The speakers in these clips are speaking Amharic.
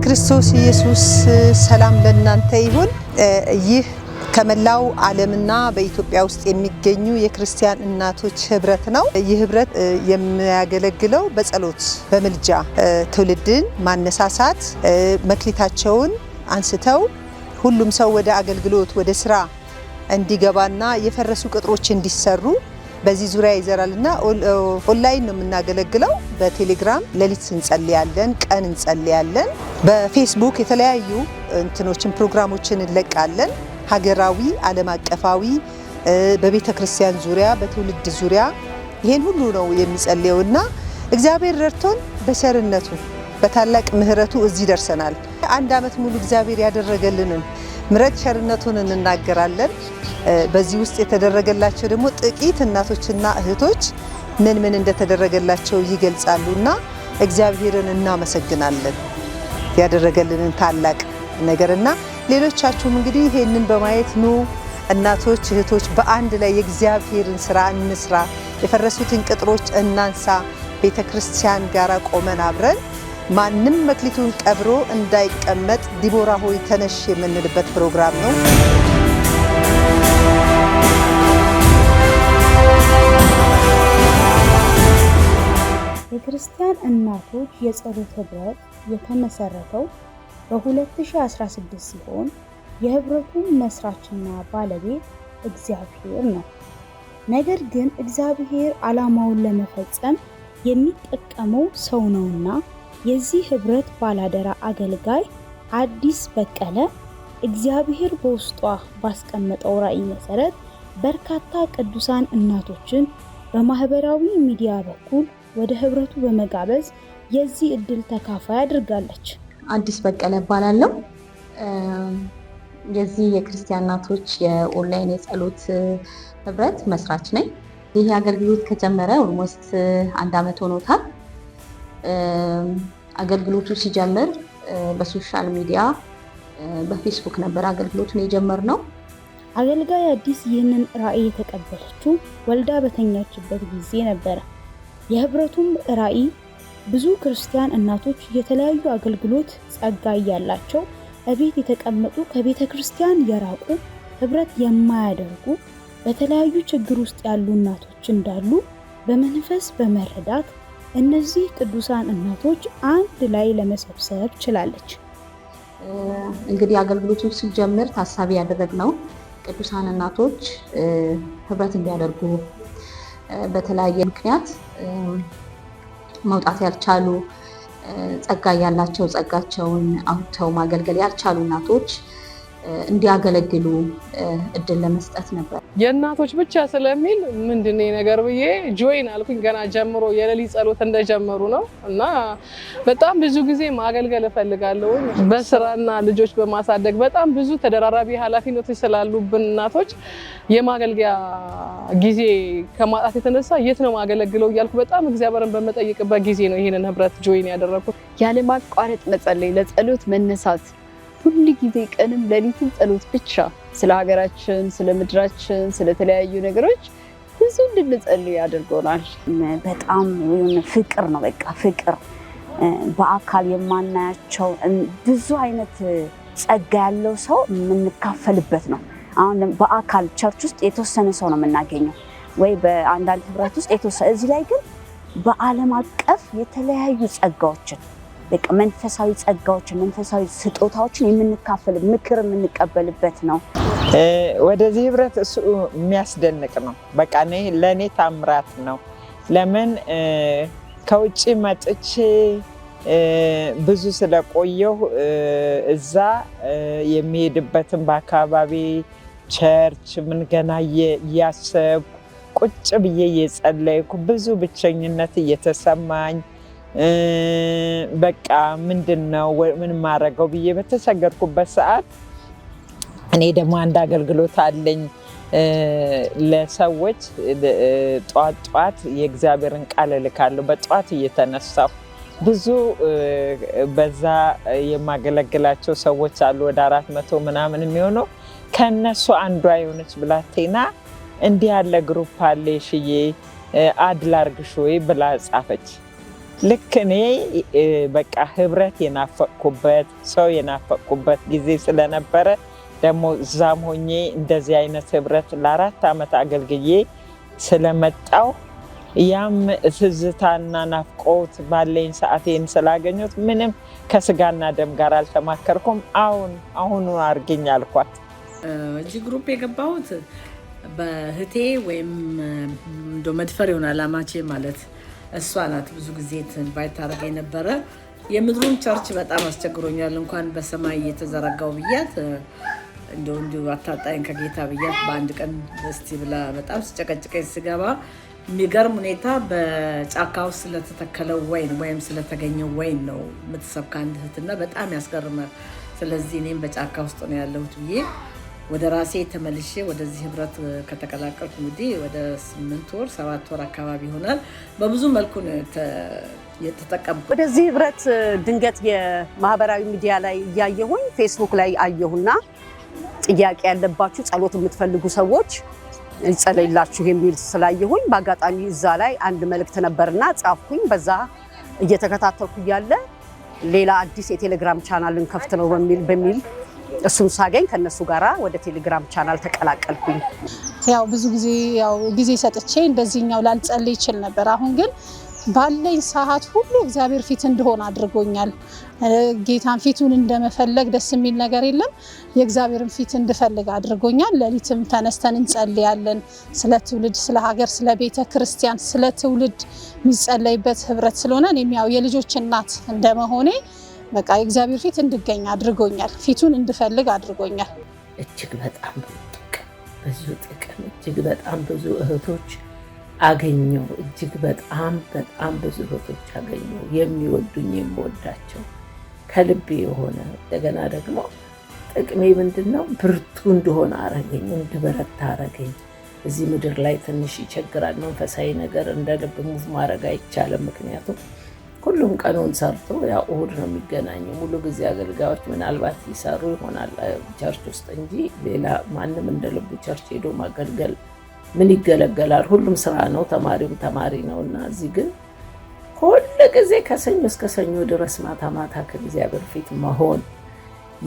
በክርስቶስ ኢየሱስ ሰላም ለእናንተ ይሁን። ይህ ከመላው ዓለምና በኢትዮጵያ ውስጥ የሚገኙ የክርስቲያን እናቶች ህብረት ነው። ይህ ህብረት የሚያገለግለው በጸሎት በምልጃ ትውልድን ማነሳሳት መክሊታቸውን አንስተው ሁሉም ሰው ወደ አገልግሎት ወደ ስራ እንዲገባና የፈረሱ ቅጥሮች እንዲሰሩ በዚህ ዙሪያ ይዘራል እና ኦንላይን ነው የምናገለግለው። በቴሌግራም ሌሊት እንጸልያለን፣ ቀን እንጸልያለን። በፌስቡክ የተለያዩ እንትኖችን ፕሮግራሞችን እንለቃለን። ሀገራዊ፣ ዓለም አቀፋዊ፣ በቤተ ክርስቲያን ዙሪያ፣ በትውልድ ዙሪያ ይሄን ሁሉ ነው የሚጸልየው እና እግዚአብሔር ረድቶን በቸርነቱ በታላቅ ምሕረቱ እዚህ ደርሰናል። አንድ ዓመት ሙሉ እግዚአብሔር ያደረገልንን ምረት ቸርነቱን እንናገራለን። በዚህ ውስጥ የተደረገላቸው ደግሞ ጥቂት እናቶችና እህቶች ምን ምን እንደተደረገላቸው ይገልጻሉና እግዚአብሔርን እናመሰግናለን ያደረገልንን ታላቅ ነገርና ሌሎቻችሁም እንግዲህ ይህንን በማየት ኑ እናቶች እህቶች በአንድ ላይ የእግዚአብሔርን ስራ እንስራ፣ የፈረሱትን ቅጥሮች እናንሳ፣ ቤተ ክርስቲያን ጋር ቆመን አብረን ማንም መክሊቱን ቀብሮ እንዳይቀመጥ ዲቦራ ሆይ ተነሽ የምንልበት ፕሮግራም ነው። የክርስቲያን እናቶች የጸሎት ህብረት የተመሰረተው በ2016 ሲሆን የህብረቱን መስራችና ባለቤት እግዚአብሔር ነው። ነገር ግን እግዚአብሔር ዓላማውን ለመፈጸም የሚጠቀመው ሰው ነውና የዚህ ህብረት ባላደራ አገልጋይ አዲስ በቀለ እግዚአብሔር በውስጧ ባስቀመጠው ራዕይ መሰረት በርካታ ቅዱሳን እናቶችን በማህበራዊ ሚዲያ በኩል ወደ ህብረቱ በመጋበዝ የዚህ እድል ተካፋይ አድርጋለች። አዲስ በቀለ እባላለሁ። የዚህ የክርስቲያን እናቶች የኦንላይን የጸሎት ህብረት መስራች ነኝ። ይህ አገልግሎት ከጀመረ ኦልሞስት አንድ ዓመት ሆኖታል። አገልግሎቱ ሲጀምር በሶሻል ሚዲያ በፌስቡክ ነበር አገልግሎቱን ነው። አገልጋይ አዲስ ይህንን ራዕይ የተቀበለችው ወልዳ በተኛችበት ጊዜ ነበረ። የህብረቱም ራዕይ ብዙ ክርስቲያን እናቶች የተለያዩ አገልግሎት ጸጋ እያላቸው እቤት የተቀመጡ ከቤተ ክርስቲያን የራቁ ህብረት የማያደርጉ በተለያዩ ችግር ውስጥ ያሉ እናቶች እንዳሉ በመንፈስ በመረዳት እነዚህ ቅዱሳን እናቶች አንድ ላይ ለመሰብሰብ ችላለች። እንግዲህ አገልግሎቱ ሲጀምር ታሳቢ ያደረግነው ቅዱሳን እናቶች ህብረት እንዲያደርጉ በተለያየ ምክንያት መውጣት ያልቻሉ ጸጋ ያላቸው ጸጋቸውን አውጥተው ማገልገል ያልቻሉ እናቶች እንዲያገለግሉ እድል ለመስጠት ነበር። የእናቶች ብቻ ስለሚል ምንድን ነገር ብዬ ጆይን አልኩኝ። ገና ጀምሮ የሌሊት ጸሎት እንደጀመሩ ነው እና በጣም ብዙ ጊዜ ማገልገል እፈልጋለሁ። በስራና ልጆች በማሳደግ በጣም ብዙ ተደራራቢ ኃላፊነቶች ስላሉብን እናቶች የማገልገያ ጊዜ ከማጣት የተነሳ የት ነው ማገለግለው እያልኩ በጣም እግዚአብሔርን በመጠይቅበት ጊዜ ነው ይህንን ህብረት ጆይን ያደረኩት። ያለማቋረጥ መጸለይ፣ ለጸሎት መነሳት ሁል ጊዜ ቀንም ለሊትም ጸሎት ብቻ ስለ ሀገራችን፣ ስለ ምድራችን፣ ስለተለያዩ ነገሮች ብዙ እንድንጸልይ ያደርጎናል። በጣም የሆነ ፍቅር ነው በቃ ፍቅር በአካል የማናያቸው ብዙ አይነት ጸጋ ያለው ሰው የምንካፈልበት ነው። አሁን በአካል ቸርች ውስጥ የተወሰነ ሰው ነው የምናገኘው ወይ በአንዳንድ ህብረት ውስጥ የተወሰነ። እዚህ ላይ ግን በዓለም አቀፍ የተለያዩ ጸጋዎችን በቃ መንፈሳዊ ጸጋዎችን መንፈሳዊ ስጦታዎችን የምንካፈል ምክር የምንቀበልበት ነው። ወደዚህ ህብረት እሱ የሚያስደንቅ ነው። በቃ ለእኔ ታምራት ነው። ለምን ከውጭ መጥቼ ብዙ ስለቆየሁ እዛ የሚሄድበትን በአካባቢ ቸርች ምን ገና እያሰብኩ ቁጭ ብዬ እየጸለይኩ ብዙ ብቸኝነት እየተሰማኝ በቃ ምንድን ነው ምን ማድረገው ብዬ በተሰገርኩበት ሰዓት እኔ ደግሞ አንድ አገልግሎት አለኝ ለሰዎች ጠዋት ጠዋት የእግዚአብሔርን ቃል እልካለሁ። በጠዋት እየተነሳሁ ብዙ በዛ የማገለግላቸው ሰዎች አሉ፣ ወደ አራት መቶ ምናምን የሚሆነው ከነሱ አንዷ የሆነች ብላቴና እንዲህ ያለ ግሩፕ አለ ሽዬ አድላርግሽ ወይ ብላ ጻፈች። ልክ እኔ በቃ ህብረት የናፈቅኩበት ሰው የናፈቅኩበት ጊዜ ስለነበረ ደግሞ እዛም ሆኜ እንደዚህ አይነት ህብረት ለአራት ዓመት አገልግዬ ስለመጣው ያም ትዝታና ናፍቆት ባለኝ ሰዓቴን ስላገኙት ምንም ከስጋና ደም ጋር አልተማከርኩም። አሁን አሁኑ አርግኝ አልኳት። እጅ ግሩፕ የገባሁት በህቴ ወይም እንደ መድፈር ይሆናል አማቼ ማለት እሷ ናት ብዙ ጊዜ ባይታረገ የነበረ የምድሩን ቸርች በጣም አስቸግሮኛል። እንኳን በሰማይ የተዘረጋው ብያት እንደው እንዲሁ አታጣኝ ከጌታ ብያት በአንድ ቀን እስቲ ብላ በጣም ስጨቀጭቀኝ ስገባ የሚገርም ሁኔታ በጫካ ውስጥ ስለተተከለው ወይን ወይም ስለተገኘው ወይን ነው የምትሰብክ አንድ እህትና በጣም ያስገርማል። ስለዚህ እኔም በጫካ ውስጥ ነው ያለሁት ብዬ ወደ ራሴ ተመልሼ ወደዚህ ህብረት ከተቀላቀልኩ እንግዲህ ወደ ስምንት ወር ሰባት ወር አካባቢ ይሆናል። በብዙ መልኩ የተጠቀምኩ ወደዚህ ህብረት ድንገት የማህበራዊ ሚዲያ ላይ እያየሁኝ ፌስቡክ ላይ አየሁና ጥያቄ ያለባችሁ ጸሎት የምትፈልጉ ሰዎች ይጸለይላችሁ የሚል ስላየሁኝ በአጋጣሚ እዛ ላይ አንድ መልእክት ነበርና ጻፍኩኝ። በዛ እየተከታተልኩ እያለ ሌላ አዲስ የቴሌግራም ቻናልን ከፍት ነው በሚል እሱን ሳገኝ ከነሱ ጋራ ወደ ቴሌግራም ቻናል ተቀላቀልኩኝ። ያው ብዙ ጊዜ ያው ጊዜ ሰጥቼ እንደዚህኛው ላልጸልይ ይችል ነበር። አሁን ግን ባለኝ ሰዓት ሁሉ እግዚአብሔር ፊት እንደሆነ አድርጎኛል። ጌታን ፊቱን እንደመፈለግ ደስ የሚል ነገር የለም። የእግዚአብሔርን ፊት እንድፈልግ አድርጎኛል። ሌሊትም ተነስተን እንጸልያለን። ስለ ትውልድ፣ ስለ ሀገር፣ ስለ ቤተ ክርስቲያን፣ ስለ ትውልድ የሚጸለይበት ህብረት ስለሆነ እኔም ያው የልጆች እናት እንደመሆኔ በቃ የእግዚአብሔር ፊት እንድገኝ አድርጎኛል። ፊቱን እንድፈልግ አድርጎኛል። እጅግ በጣም ብዙ ጥቅም እጅግ በጣም ብዙ እህቶች አገኘው። እጅግ በጣም በጣም ብዙ እህቶች አገኘው፣ የሚወዱኝ የምወዳቸው ከልቤ የሆነ እንደገና ደግሞ ጥቅሜ ምንድን ነው? ብርቱ እንደሆነ አረገኝ፣ እንድበረታ አረገኝ። እዚህ ምድር ላይ ትንሽ ይቸግራል። መንፈሳዊ ነገር እንደ ልብ ሙቭ ማድረግ አይቻልም፣ ምክንያቱም ሁሉም ቀኑን ሰርቶ ያው እሁድ ነው የሚገናኙ። ሙሉ ጊዜ አገልጋዮች ምናልባት ይሰሩ ይሆናል ቸርች ውስጥ እንጂ ሌላ ማንም እንደ ልቡ ቸርች ሄዶ ማገልገል ምን ይገለገላል? ሁሉም ስራ ነው፣ ተማሪውም ተማሪ ነው እና እዚህ ግን ሁል ጊዜ ከሰኞ እስከ ሰኞ ድረስ ማታ ማታ ከእግዚአብሔር ፊት መሆን፣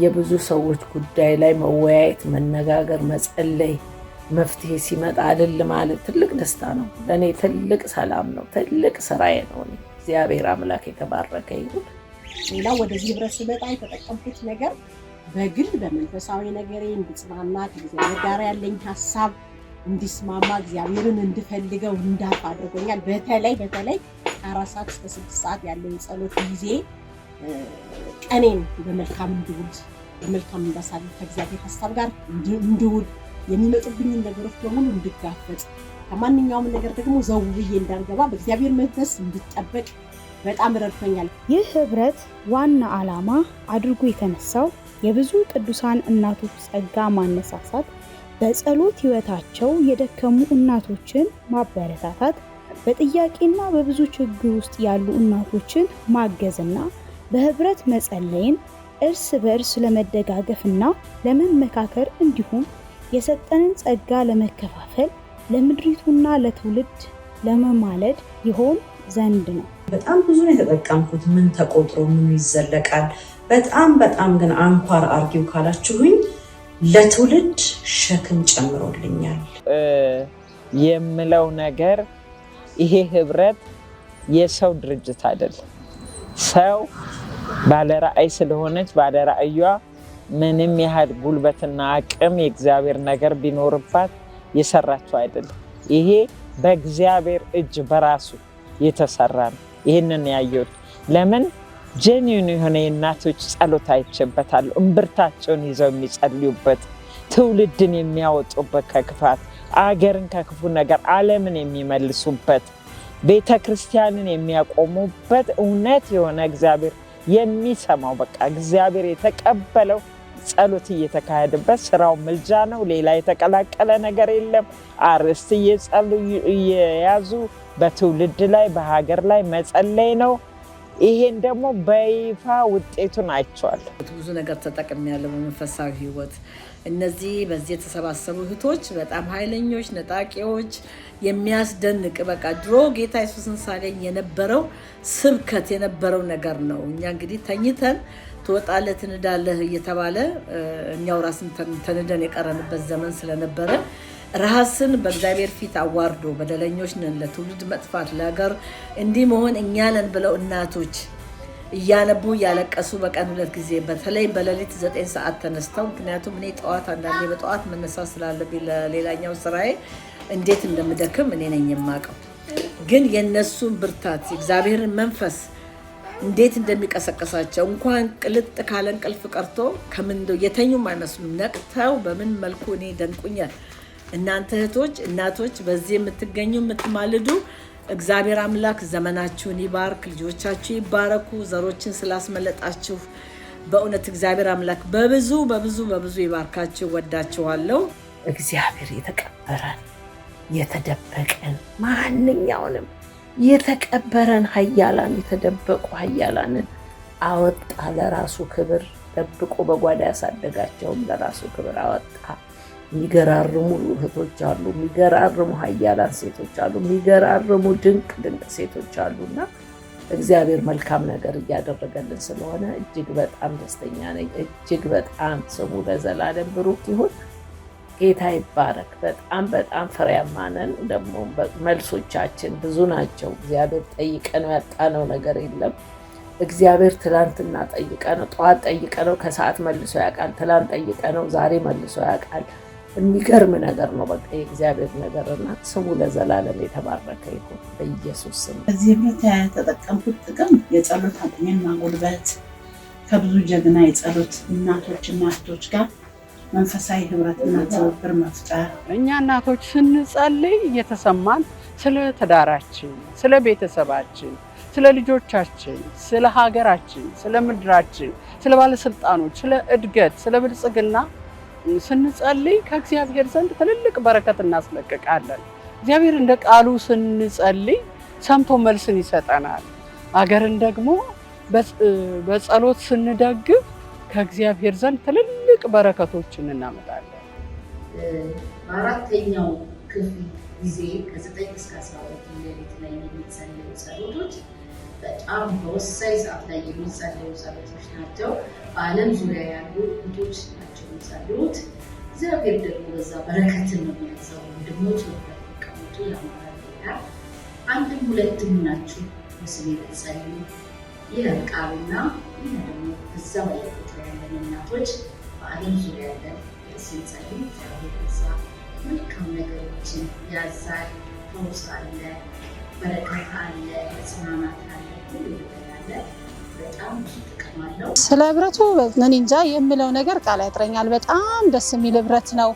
የብዙ ሰዎች ጉዳይ ላይ መወያየት፣ መነጋገር፣ መጸለይ፣ መፍትሄ ሲመጣ አልል ማለት ትልቅ ደስታ ነው። ለእኔ ትልቅ ሰላም ነው፣ ትልቅ ስራዬ ነው። እግዚአብሔር አምላክ የተባረከ ይሁን። ሌላው ወደዚህ ህብረት ስመጣ የተጠቀምኩት ነገር በግል በመንፈሳዊ ነገሬ እንድጽናና ከእግዚአብሔር ጋር ያለኝ ሀሳብ እንዲስማማ እግዚአብሔርን እንድፈልገው እንዳፍ አድርጎኛል። በተለይ በተለይ ከአራት ሰዓት እስከ ስድስት ሰዓት ያለው የጸሎት ጊዜ ቀኔን በመልካም እንድውል በመልካም እንዳሳልፍ ከእግዚአብሔር ሀሳብ ጋር እንድውል የሚመጡብኝን ነገሮች በሙሉ እንድጋፈጥ ከማንኛውም ነገር ደግሞ ዘው ብዬ እንዳልገባ በእግዚአብሔር መንፈስ እንድጠበቅ በጣም ረድቶኛል። ይህ ህብረት ዋና ዓላማ አድርጎ የተነሳው የብዙ ቅዱሳን እናቶች ጸጋ ማነሳሳት፣ በጸሎት ህይወታቸው የደከሙ እናቶችን ማበረታታት፣ በጥያቄና በብዙ ችግር ውስጥ ያሉ እናቶችን ማገዝና በህብረት መጸለይን እርስ በእርስ ለመደጋገፍና ለመመካከር እንዲሁም የሰጠንን ጸጋ ለመከፋፈል ለምድሪቱና ለትውልድ ለመማለድ ይሆን ዘንድ ነው። በጣም ብዙ ነው የተጠቀምኩት። ምን ተቆጥሮ ምን ይዘለቃል። በጣም በጣም ግን አንኳር አርጊው ካላችሁኝ ለትውልድ ሸክም ጨምሮልኛል የምለው ነገር ይሄ ህብረት የሰው ድርጅት አይደለም። ሰው ባለራዕይ ስለሆነች ባለራዕዩዋ ምንም ያህል ጉልበትና አቅም የእግዚአብሔር ነገር ቢኖርባት የሰራችው አይደለም። ይሄ በእግዚአብሔር እጅ በራሱ የተሰራ ነው። ይህንን ያየሁት ለምን ጄኒውን የሆነ የእናቶች ጸሎት አይቼበታል። እምብርታቸውን ይዘው የሚጸልዩበት ትውልድን የሚያወጡበት ከክፋት አገርን ከክፉ ነገር ዓለምን የሚመልሱበት ቤተ ክርስቲያንን የሚያቆሙበት እውነት የሆነ እግዚአብሔር የሚሰማው በቃ እግዚአብሔር የተቀበለው ጸሎት እየተካሄደበት ስራው ምልጃ ነው። ሌላ የተቀላቀለ ነገር የለም። አርዕስት እየጸሉ እየያዙ በትውልድ ላይ በሀገር ላይ መጸለይ ነው። ይሄን ደግሞ በይፋ ውጤቱን ናቸዋል ብዙ ነገር ተጠቅሜያለሁ በመንፈሳዊ ህይወት። እነዚህ በዚህ የተሰባሰቡ እህቶች በጣም ኃይለኞች ነጣቂዎች የሚያስደንቅ በቃ ድሮ ጌታ ኢየሱስን ሳገኝ የነበረው ስብከት የነበረው ነገር ነው። እኛ እንግዲህ ተኝተን ትወጣለህ ትንዳለህ እየተባለ እኛው ራስን ተንደን የቀረንበት ዘመን ስለነበረ ራስን በእግዚአብሔር ፊት አዋርዶ በደለኞች ነን፣ ለትውልድ መጥፋት ለሀገር እንዲህ መሆን እኛ ነን ብለው እናቶች እያነቡ እያለቀሱ በቀን ሁለት ጊዜ በተለይ በሌሊት ዘጠኝ ሰዓት ተነስተው ምክንያቱም እኔ ጠዋት አንዳንዴ በጠዋት መነሳት ስላለብኝ ለሌላኛው ስራዬ እንዴት እንደምደክም እኔ ነኝ የማውቀው። ግን የእነሱን ብርታት የእግዚአብሔርን መንፈስ እንዴት እንደሚቀሰቀሳቸው እንኳን ቅልጥ ካለ እንቅልፍ ቀርቶ ከምን የተኙም አይመስሉም ነቅተው በምን መልኩ እኔ ደንቁኛል። እናንተ እህቶች፣ እናቶች በዚህ የምትገኙ የምትማልዱ እግዚአብሔር አምላክ ዘመናችሁን ይባርክ፣ ልጆቻችሁ ይባረኩ። ዘሮችን ስላስመለጣችሁ በእውነት እግዚአብሔር አምላክ በብዙ በብዙ በብዙ ይባርካችሁ። ወዳችኋለሁ። እግዚአብሔር የተቀበረን የተደበቀን ማንኛውንም የተቀበረን ሀያላን የተደበቁ ሀያላንን አወጣ። ለራሱ ክብር ደብቆ በጓዳ ያሳደጋቸውም ለራሱ ክብር አወጣ። የሚገራርሙ እህቶች አሉ። የሚገራርሙ ሀያላን ሴቶች አሉ። የሚገራርሙ ድንቅ ድንቅ ሴቶች አሉ እና እግዚአብሔር መልካም ነገር እያደረገልን ስለሆነ እጅግ በጣም ደስተኛ ነኝ። እጅግ በጣም ስሙ ለዘላለም ብሩክ ይሁን። ጌታ ይባረክ። በጣም በጣም ፍሬያማ ነን። ደግሞ መልሶቻችን ብዙ ናቸው። እግዚአብሔር ጠይቀነው ያጣነው ነገር የለም። እግዚአብሔር ትላንትና ጠይቀነው፣ ጠዋት ጠይቀነው፣ ከሰዓት መልሶ ያውቃል። ትላንት ጠይቀነው፣ ዛሬ መልሶ ያውቃል። የሚገርም ነገር ነው። በቃ የእግዚአብሔር ነገር እና ስሙ ለዘላለም የተባረከ ይሁን በኢየሱስ ስም። እዚህ ቤት የተጠቀምኩት ጥቅም የጸሎት አቅሜን ማጎልበት ከብዙ ጀግና የጸሎት እናቶች እናቶች ጋር መንፈሳዊ ህብረትና ትብብር መፍጠር እኛ እናቶች ስንጸልይ እየተሰማን ስለ ትዳራችን፣ ስለ ቤተሰባችን፣ ስለ ልጆቻችን፣ ስለ ሀገራችን፣ ስለ ምድራችን፣ ስለ ባለስልጣኖች፣ ስለ እድገት፣ ስለ ብልጽግና ስንጸልይ ከእግዚአብሔር ዘንድ ትልልቅ በረከት እናስለቅቃለን። እግዚአብሔር እንደ ቃሉ ስንጸልይ ሰምቶ መልስን ይሰጠናል። አገርን ደግሞ በጸሎት ስንደግፍ ከእግዚአብሔር ዘንድ ትልልቅ ትልልቅ በረከቶችን እናመጣለን። በአራተኛው ክፍል ጊዜ ከዘጠኝ እስከ አስራ ሁለት ሌሊት ላይ የሚጸለዩ ጸሎቶች በጣም በወሳኝ ሰዓት ላይ የሚጸለዩ ጸሎቶች ናቸው። በዓለም ዙሪያ ያሉ እህቶች ናቸው የሚጸልዩት። እግዚአብሔር ደግሞ በዛ በረከትን ነው የሚያዘው። ወንድሞች በተቀመጡ ለማራያ አንድም ሁለትም ናችሁ ምስል የተጸልዩ ይለቃሉና ይህ ደግሞ እዛ በላይ ቁጥር ያለን እናቶች በዓለም ዙሪያ ያለ ስንጸልይ እግዚአብሔር በዛ መልካም ነገሮችን ያዛል። ፈውስ አለ፣ በረከት አለ፣ መጽናናት አለ፣ ሁሉ ነገር አለ። ስለ ህብረቱ እኔ እንጃ የምለው ነገር ቃል ያጥረኛል። በጣም ደስ የሚል ህብረት ነው።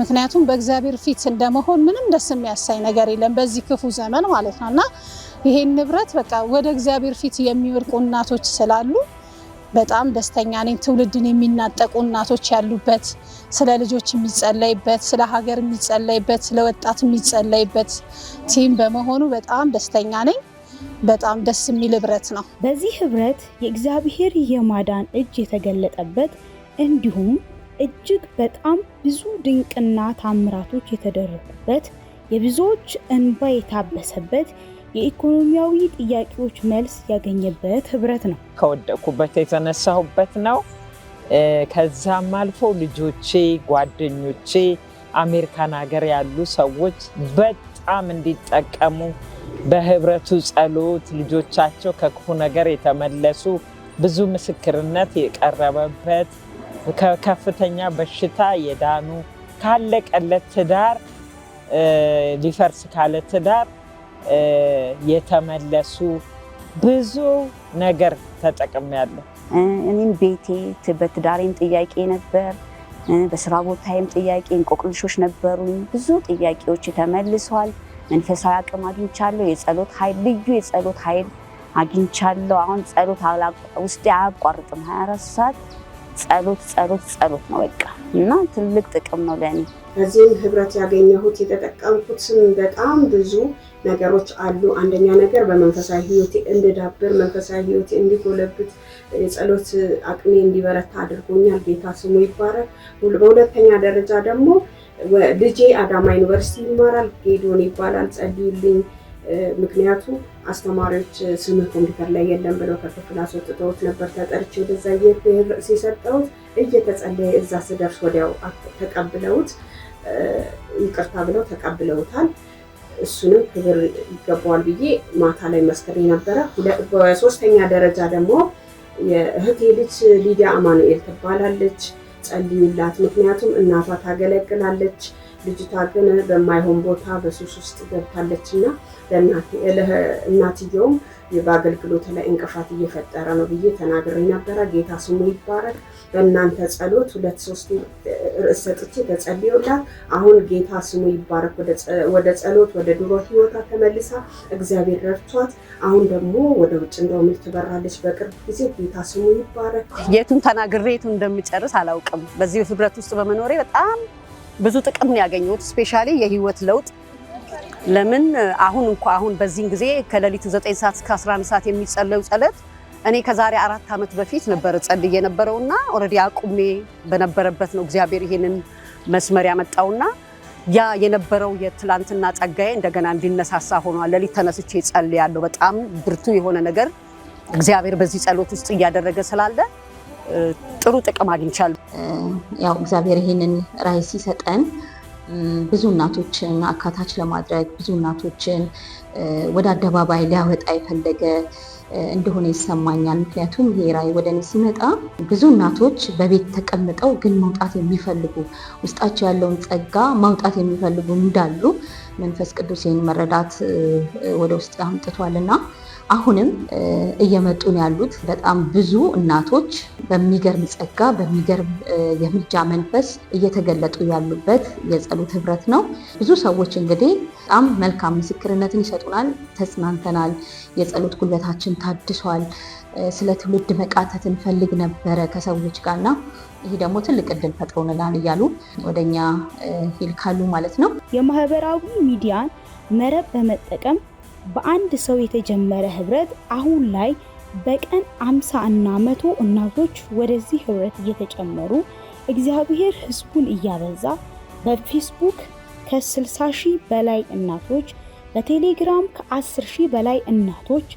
ምክንያቱም በእግዚአብሔር ፊት እንደመሆን ምንም ደስ የሚያሳይ ነገር የለም፣ በዚህ ክፉ ዘመን ማለት ነው እና ይሄን ህብረት በቃ ወደ እግዚአብሔር ፊት የሚወድቁ እናቶች ስላሉ በጣም ደስተኛ ነኝ። ትውልድን የሚናጠቁ እናቶች ያሉበት፣ ስለ ልጆች የሚጸለይበት፣ ስለ ሀገር የሚጸለይበት፣ ስለ ወጣት የሚጸለይበት ቲም በመሆኑ በጣም ደስተኛ ነኝ። በጣም ደስ የሚል ህብረት ነው። በዚህ ህብረት የእግዚአብሔር የማዳን እጅ የተገለጠበት እንዲሁም እጅግ በጣም ብዙ ድንቅና ታምራቶች የተደረጉበት የብዙዎች እንባ የታበሰበት የኢኮኖሚያዊ ጥያቄዎች መልስ ያገኘበት ህብረት ነው። ከወደቅኩበት የተነሳሁበት ነው። ከዛም አልፎ ልጆቼ፣ ጓደኞቼ አሜሪካን ሀገር ያሉ ሰዎች በጣም እንዲጠቀሙ በህብረቱ ጸሎት ልጆቻቸው ከክፉ ነገር የተመለሱ ብዙ ምስክርነት የቀረበበት ከከፍተኛ በሽታ የዳኑ ካለቀለት ትዳር ሊፈርስ ካለ ትዳር የተመለሱ ብዙ ነገር ተጠቅሜያለሁ። እኔም ቤቴ በትዳሬም ጥያቄ ነበር፣ በስራ ቦታዬም ጥያቄ እንቆቅልሾች ነበሩኝ። ብዙ ጥያቄዎች ተመልሷል። መንፈሳዊ አቅም አግኝቻለሁ። የጸሎት ኃይል ልዩ የጸሎት ኃይል አግኝቻለሁ። አሁን ጸሎት ውስጤ አያቋርጥም። 24 ሰዓት ጸሎት ጸሎት ጸሎት ነው በቃ እና ትልቅ ጥቅም ነው ለእኔ። በዚህም ህብረት ያገኘሁት የተጠቀምኩት በጣም ብዙ ነገሮች አሉ። አንደኛ ነገር በመንፈሳዊ ህይወቴ እንድዳብር፣ መንፈሳዊ ህይወቴ እንዲጎለብት፣ የጸሎት አቅሜ እንዲበረታ አድርጎኛል። ጌታ ስሙ ይባረክ። በሁለተኛ ደረጃ ደግሞ ልጄ አዳማ ዩኒቨርሲቲ ይማራል። ጌዶን ይባላል። ጸልዩልኝ ምክንያቱ አስተማሪዎች ስምህ ኮምፒውተር ላይ የለም ብለው ከክፍል አስወጥተውት ነበር። ተጠርቼ ወደዛ ሲሰጠውት እየተጸለየ እዛ ስደርስ ወዲያው ተቀብለውት ይቅርታ ብለው ተቀብለውታል። እሱንም ክብር ይገባዋል ብዬ ማታ ላይ መስክሬ ነበረ። በሶስተኛ ደረጃ ደግሞ የእህቴ ልጅ ሊዲያ አማኑኤል ትባላለች። ጸልዩላት፣ ምክንያቱም እናቷ ታገለግላለች። ልጅቷ ግን በማይሆን ቦታ በሱስ ውስጥ ገብታለች እና እናትየውም በአገልግሎት ላይ እንቅፋት እየፈጠረ ነው ብዬ ተናግሬ ነበረ። ጌታ ስሙ ይባረክ። በእናንተ ጸሎት ሁለት ሶስት ርዕስ ሰጥቼ ተጸልዮላት አሁን ጌታ ስሙ ይባረክ ወደ ጸሎት ወደ ድሮ ህይወታ ተመልሳ እግዚአብሔር ረድቷት አሁን ደግሞ ወደ ውጭ እንደውም ትበራለች በቅርብ ጊዜ። ጌታ ስሙ ይባረክ። የቱን ተናግሬ የቱን እንደምጨርስ አላውቅም። በዚህ ህብረት ውስጥ በመኖሬ በጣም ብዙ ጥቅም ነው ያገኘሁት። ስፔሻሊ የህይወት ለውጥ ለምን አሁን እንኳ አሁን በዚህን ጊዜ ከሌሊቱ 9 ሰዓት እስከ 11 ሰዓት የሚጸለዩ ጸሎት እኔ ከዛሬ አራት ዓመት በፊት ነበረ ጸልይ የነበረውና ኦልሬዲ አቁሜ በነበረበት ነው እግዚአብሔር ይሄንን መስመር ያመጣውና ያ የነበረው የትላንትና ጸጋዬ እንደገና እንዲነሳሳ ሆኗል። ሌሊት ተነስቼ ጸልያለሁ። በጣም ብርቱ የሆነ ነገር እግዚአብሔር በዚህ ጸሎት ውስጥ እያደረገ ስላለ ጥሩ ጥቅም አግኝቻለሁ። ያው እግዚአብሔር ይህንን ራዕይ ሲሰጠን ብዙ እናቶችን አካታች ለማድረግ ብዙ እናቶችን ወደ አደባባይ ሊያወጣ የፈለገ እንደሆነ ይሰማኛል። ምክንያቱም ይሄ ራዕይ ወደ እኔ ሲመጣ ብዙ እናቶች በቤት ተቀምጠው ግን መውጣት የሚፈልጉ ውስጣቸው ያለውን ጸጋ ማውጣት የሚፈልጉ እንዳሉ መንፈስ ቅዱስ ይህን መረዳት ወደ ውስጥ አምጥቷል እና አሁንም እየመጡ ነው ያሉት። በጣም ብዙ እናቶች በሚገርም ጸጋ፣ በሚገርም የምልጃ መንፈስ እየተገለጡ ያሉበት የጸሎት ህብረት ነው። ብዙ ሰዎች እንግዲህ በጣም መልካም ምስክርነትን ይሰጡናል። ተጽናንተናል፣ የጸሎት ጉልበታችን ታድሷል፣ ስለ ትውልድ መቃተት እንፈልግ ነበረ ከሰዎች ጋርና ይሄ ደግሞ ትልቅ እድል ፈጥሮንላል እያሉ ወደኛ ይልካሉ ማለት ነው። የማህበራዊ ሚዲያን መረብ በመጠቀም በአንድ ሰው የተጀመረ ህብረት አሁን ላይ በቀን አምሳ እና መቶ እናቶች ወደዚህ ህብረት እየተጨመሩ እግዚአብሔር ህዝቡን እያበዛ በፌስቡክ ከ60 ሺህ በላይ እናቶች በቴሌግራም ከ10 ሺህ በላይ እናቶች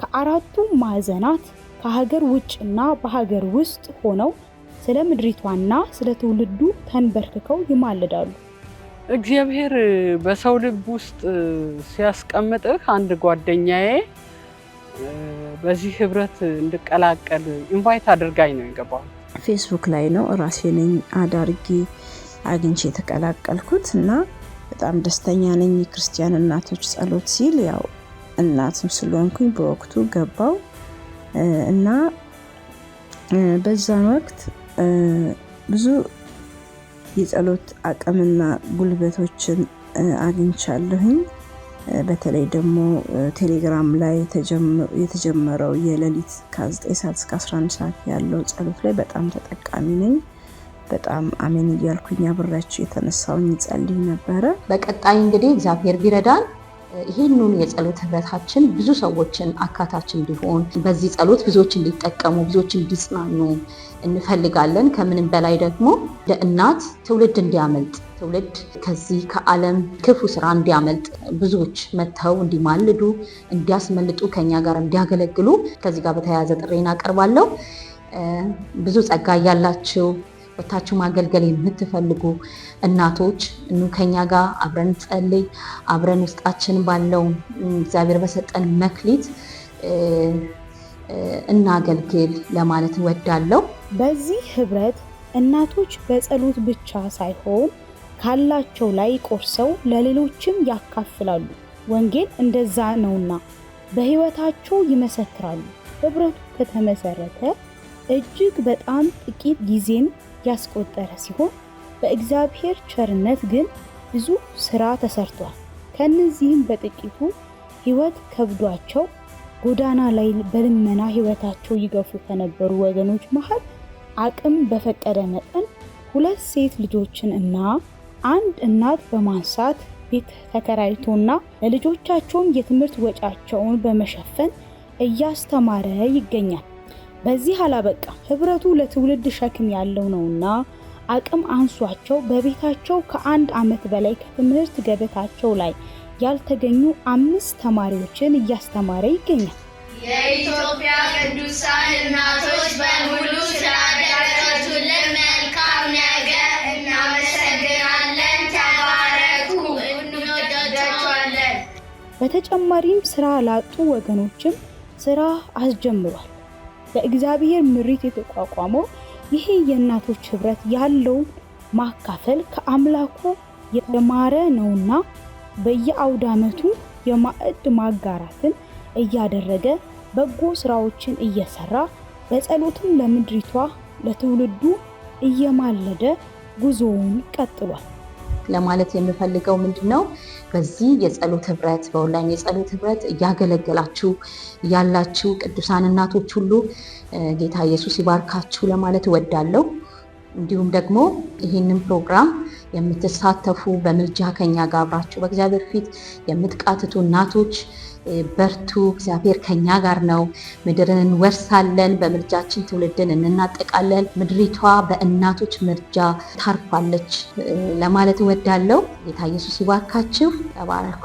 ከአራቱ ማዕዘናት ከሀገር ውጭና በሀገር ውስጥ ሆነው ስለ ምድሪቷና ስለ ትውልዱ ተንበርክከው ይማልዳሉ። እግዚአብሔር በሰው ልብ ውስጥ ሲያስቀምጥህ አንድ ጓደኛዬ በዚህ ህብረት እንድቀላቀል ኢንቫይት አድርጋኝ ነው የገባው። ፌስቡክ ላይ ነው ነኝ አዳርጌ አግኝቼ የተቀላቀልኩት እና በጣም ደስተኛ ነኝ። የክርስቲያን እናቶች ጸሎት ሲል ያው እናትም ስለሆንኩኝ በወቅቱ ገባው እና በዛን ወቅት ብዙ የጸሎት አቅምና ጉልበቶችን አግኝቻለሁኝ። በተለይ ደግሞ ቴሌግራም ላይ የተጀመረው የሌሊት ከ9 ሰዓት እስከ 11 ሰዓት ያለው ጸሎት ላይ በጣም ተጠቃሚ ነኝ። በጣም አሜን እያልኩኝ አብሬያችሁ የተነሳውን ጸልይ ነበረ። በቀጣይ እንግዲህ እግዚአብሔር ቢረዳን ይህንን የጸሎት ህብረታችን ብዙ ሰዎችን አካታች እንዲሆን በዚህ ጸሎት ብዙዎች እንዲጠቀሙ ብዙዎች እንዲጽናኑ እንፈልጋለን። ከምንም በላይ ደግሞ ለእናት ትውልድ እንዲያመልጥ ትውልድ ከዚህ ከዓለም ክፉ ስራ እንዲያመልጥ ብዙዎች መጥተው እንዲማልዱ፣ እንዲያስመልጡ፣ ከኛ ጋር እንዲያገለግሉ ከዚህ ጋር በተያያዘ ጥሬን አቀርባለሁ። ብዙ ጸጋ እያላችሁ ወታችሁ ማገልገል የምትፈልጉ እናቶች እኑ ከኛ ጋር አብረን ጸልይ፣ አብረን ውስጣችን ባለው እግዚአብሔር በሰጠን መክሊት እናገልግል ለማለት እወዳለሁ። በዚህ ህብረት እናቶች በጸሎት ብቻ ሳይሆን ካላቸው ላይ ቆርሰው ለሌሎችም ያካፍላሉ። ወንጌል እንደዛ ነውና በህይወታቸው ይመሰክራሉ። ህብረቱ ከተመሰረተ እጅግ በጣም ጥቂት ጊዜን ያስቆጠረ ሲሆን በእግዚአብሔር ቸርነት ግን ብዙ ስራ ተሰርቷል። ከነዚህም በጥቂቱ ህይወት ከብዷቸው ጎዳና ላይ በልመና ህይወታቸው ይገፉ ከነበሩ ወገኖች መሃል አቅም በፈቀደ መጠን ሁለት ሴት ልጆችን እና አንድ እናት በማንሳት ቤት ተከራይቶና ለልጆቻቸውም የትምህርት ወጫቸውን በመሸፈን እያስተማረ ይገኛል። በዚህ አላበቃም። ህብረቱ ለትውልድ ሸክም ያለው ነውና አቅም አንሷቸው በቤታቸው ከአንድ ዓመት በላይ ከትምህርት ገበታቸው ላይ ያልተገኙ አምስት ተማሪዎችን እያስተማረ ይገኛል። የኢትዮጵያ ቅዱሳን እናቶች በሙሉ ስላደረሱልን መልካም ነገር እናመሰግናለን። ተባረኩ፣ እንወዳቸዋለን። በተጨማሪም ስራ ላጡ ወገኖችም ስራ አስጀምሯል። በእግዚአብሔር ምሪት የተቋቋመው ይሄ የእናቶች ህብረት ያለው ማካፈል ከአምላኩ የተማረ ነውና በየአውድ ዓመቱ የማዕድ ማጋራትን እያደረገ በጎ ስራዎችን እየሰራ በጸሎትም ለምድሪቷ ለትውልዱ እየማለደ ጉዞውን ቀጥሏል። ለማለት የምፈልገው ምንድን ነው፣ በዚህ የጸሎት ህብረት በኦንላይን የጸሎት ህብረት እያገለገላችሁ ያላችሁ ቅዱሳን እናቶች ሁሉ ጌታ ኢየሱስ ይባርካችሁ ለማለት እወዳለሁ። እንዲሁም ደግሞ ይህንን ፕሮግራም የምትሳተፉ በምልጃ ከኛ ጋር አብራችሁ በእግዚአብሔር ፊት የምትቃትቱ እናቶች በርቱ፣ እግዚአብሔር ከኛ ጋር ነው፣ ምድርን እንወርሳለን፣ በምርጃችን ትውልድን እንናጠቃለን፣ ምድሪቷ በእናቶች ምርጃ ታርፋለች ለማለት እወዳለሁ። ጌታ ኢየሱስ ይባርካችሁ። ተባረኩ።